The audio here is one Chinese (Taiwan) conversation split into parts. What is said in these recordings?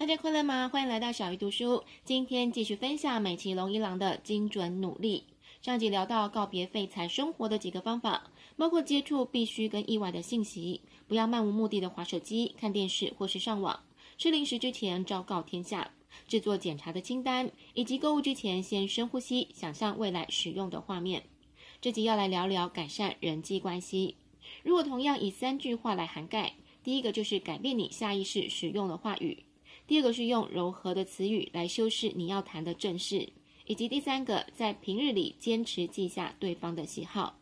大家快樂嗎？歡迎來到小魚讀書。今天繼續分享美崎榮一郎的精準努力。上集聊到告別廢柴生活的幾個方法，包括接觸必須跟意外的信息，不要漫無目的的滑手機、看電視或是上網，吃零食之前昭告天下，製作檢查的清單，以及購物之前先深呼吸，想象未來使用的畫面。這集要來聊聊改善人際關係。如果同樣以三句話來涵蓋，第一個就是改變你下意識使用的話語。第二個是用柔和的詞語來修飾你要談的正事，以及第三個，在平日裡堅持記下對方的喜好。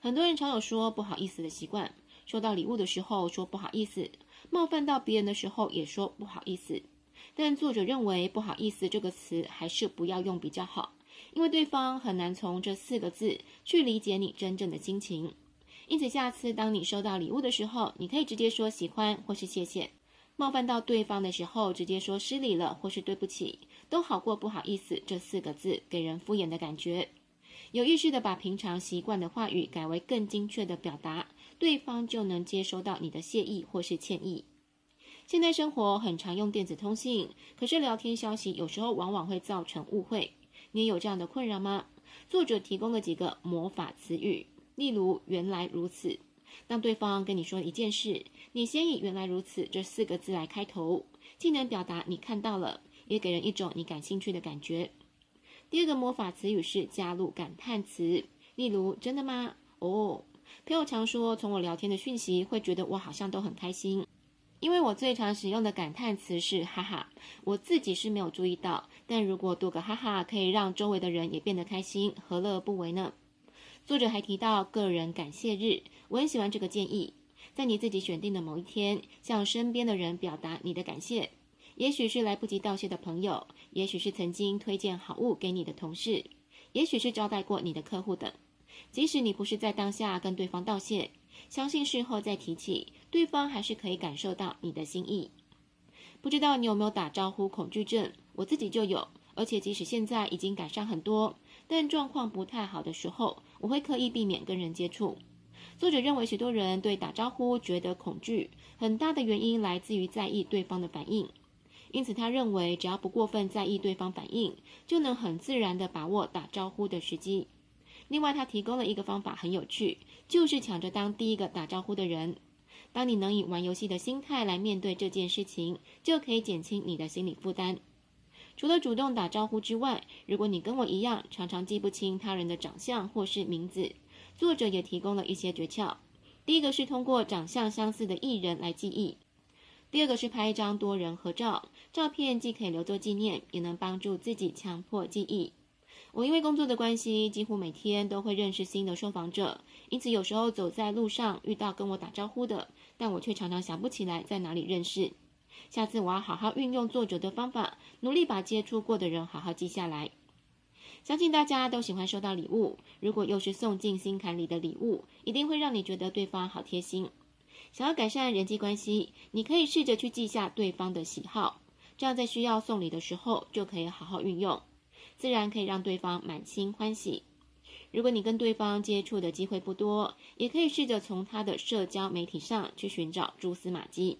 很多人常有說“不好意思”的習慣，收到禮物的時候說“不好意思”，冒犯到別人的時候也說“不好意思”。但作者認為“不好意思”這個詞還是不要用比較好，因為對方很難從這四個字去理解你真正的心情。因此，下次當你收到禮物的時候，你可以直接說“喜歡”或是“謝謝”。冒犯到對方的時候，直接說“失禮了”或是“對不起”，都好過“不好意思”這四個字，給人敷衍的感覺。有意識地把平常習慣的話語改為更精確的表達，對方就能接收到你的謝意或是歉意。現代生活很常用電子通信，可是聊天消息有時候往往會造成誤會。你也有這樣的困擾嗎？作者提供了幾個魔法詞語，例如“原來如此”。當對方跟你說一件事，你先以“原來如此”這四個字來開頭，既能表達你看到了，也給人一種你感興趣的感覺。第二個魔法詞語是加入感嘆詞，例如“真的嗎？”“哦。”朋友常說，從我聊天的訊息，會覺得我好像都很開心，因為我最常使用的感嘆詞是“哈哈”。我自己是沒有注意到，但如果多個“哈哈”可以讓周圍的人也變得開心，何樂而不為呢？作者還提到個人感謝日，我很喜歡這個建議。在你自己選定的某一天，向身邊的人表達你的感謝，也許是來不及道謝的朋友，也許是曾經推薦好物給你的同事，也許是招待過你的客戶等。即使你不是在當下跟對方道謝，相信事後再提起，對方還是可以感受到你的心意。不知道你有沒有打招呼恐懼症？我自己就有，而且即使現在已經改善很多，但狀況不太好的時候。我會刻意避免跟人接觸。作者認為，許多人對打招呼覺得恐懼，很大的原因來自於在意對方的反應。因此，他認為只要不過分在意對方反應，就能很自然地把握打招呼的時機。另外，他提供了一個方法，很有趣，就是搶着當第一個打招呼的人。當你能以玩遊戲的心態來面對這件事情，就可以減輕你的心理負擔。除了主動打招呼之外，如果你跟我一樣常常記不清他人的長相或是名字，作者也提供了一些訣竅。第一個是通過長相相似的藝人來記憶；第二個是拍一張多人合照，照片既可以留作紀念，也能幫助自己強迫記憶。我因為工作的關係，幾乎每天都會認識新的受訪者，因此有時候走在路上遇到跟我打招呼的，但我卻常常想不起來在哪裡認識。下次我要好好運用作者的方法，努力把接觸過的人好好記下來。相信大家都喜歡收到禮物，如果又是送進心坎裡的禮物，一定會讓你覺得對方好貼心。想要改善人際關係，你可以試着去記下對方的喜好，這樣在需要送禮的時候就可以好好運用，自然可以讓對方滿心歡喜。如果你跟對方接觸的機會不多，也可以試着從他的社交媒體上去尋找蛛絲馬跡。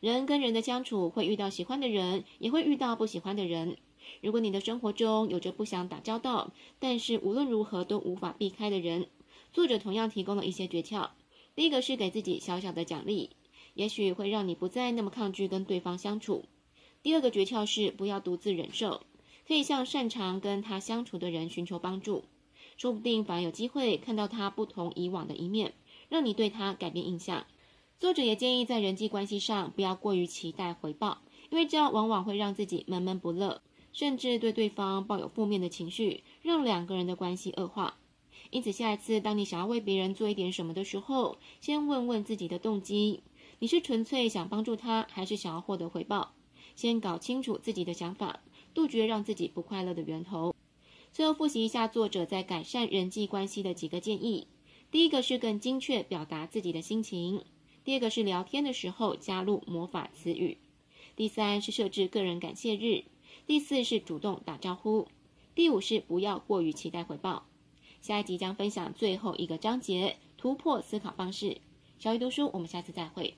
人跟人的相處，會遇到喜歡的人，也會遇到不喜歡的人。如果你的生活中有着不想打交道，但是無論如何都無法避開的人，作者同樣提供了一些訣竅。第一個是給自己小小的獎勵，也許會讓你不再那麼抗拒跟對方相處。第二個訣竅是不要獨自忍受，可以向擅長跟他相處的人尋求幫助，說不定反而有機會看到他不同以往的一面，讓你對他改變印象。作者也建議在人際關係上不要過於期待回報，因為這樣往往會讓自己悶悶不樂，甚至對對方抱有負面的情緒，讓兩個人的關係惡化。因此，下一次當你想要為別人做一點什麼的時候，先問問自己的動機：你是純粹想幫助他，還是想要獲得回報？先搞清楚自己的想法，杜絕讓自己不快樂的源頭。最後，複習一下作者在改善人際關係的幾個建議：第一個是更精確表達自己的心情。第二個是聊天的時候加入魔法詞語，第三是設置個人感謝日，第四是主動打招呼，第五是不要過於期待回報。下一集將分享最後一個章節，突破思考方式。小魚讀書，我們下次再會。